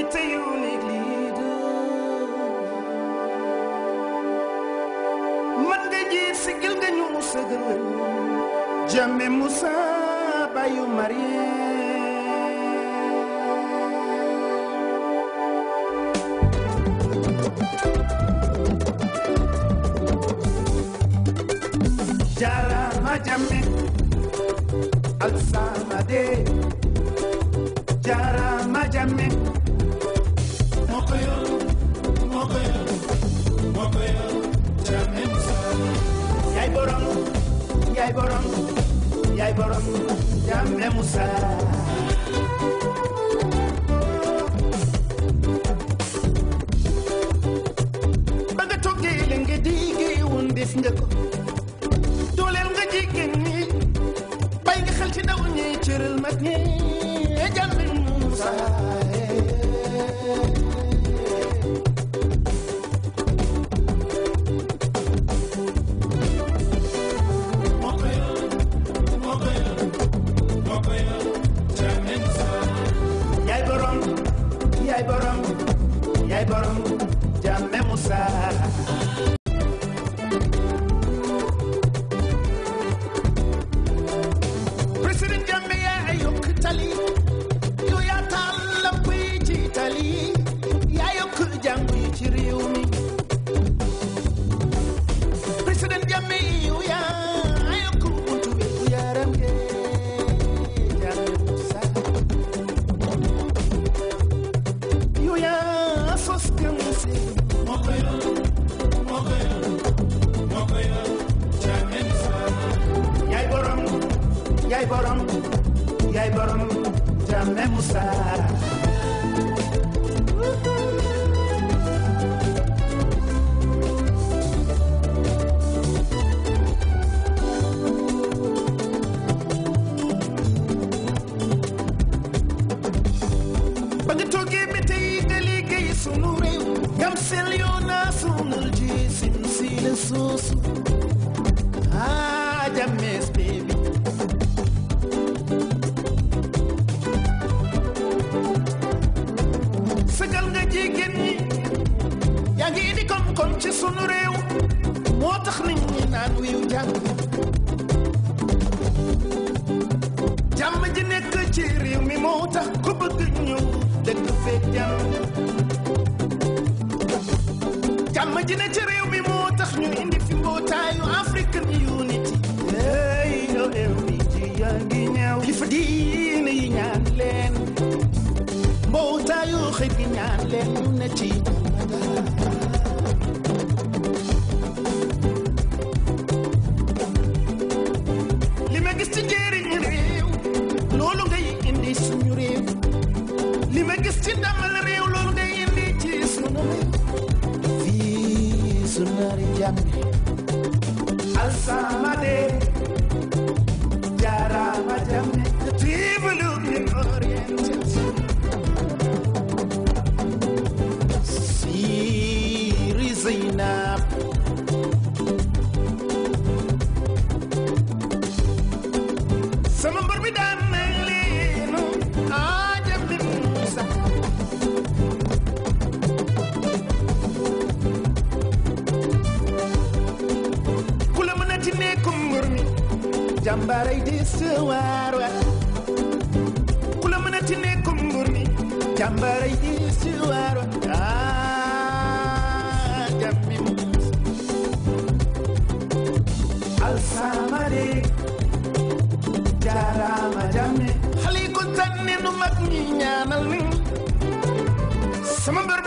bytte unique leader man nga jiit sigil nga ñu sëgël jàmme Moussa bayu Marie jarama jamme alsanade jarama jamme yaay borom yaay borom Ndiamé Moussa. side. yaay borom jàmme Moussa ba nga toogee ba tey nga liggéey sunu réew gam sel yoo naa sunul ji sin si la soosu ah jàmmees jigéen ñi yaa ngi indi koom-koom ci sunu réew moo tax nit ñi naan wiyu jàng jàmm ji nekk ci réew mi moo tax ku bëgg ñëw moo tax African Unity hey yow réew ji yaa ngi ñaaw kilifa diine yi joxe gi ñaan leen na ci li ma gis ci njëriñ réew loolu ngay indi suñu réew li ma gis ci ndamal réew loolu ngay indi ci sunu réew fii su naari jàmm alsama de yambaray dis waar waar ku la mën a ti ah, jambi alsamade jarama jamme xali ko tanni nu mag ni sama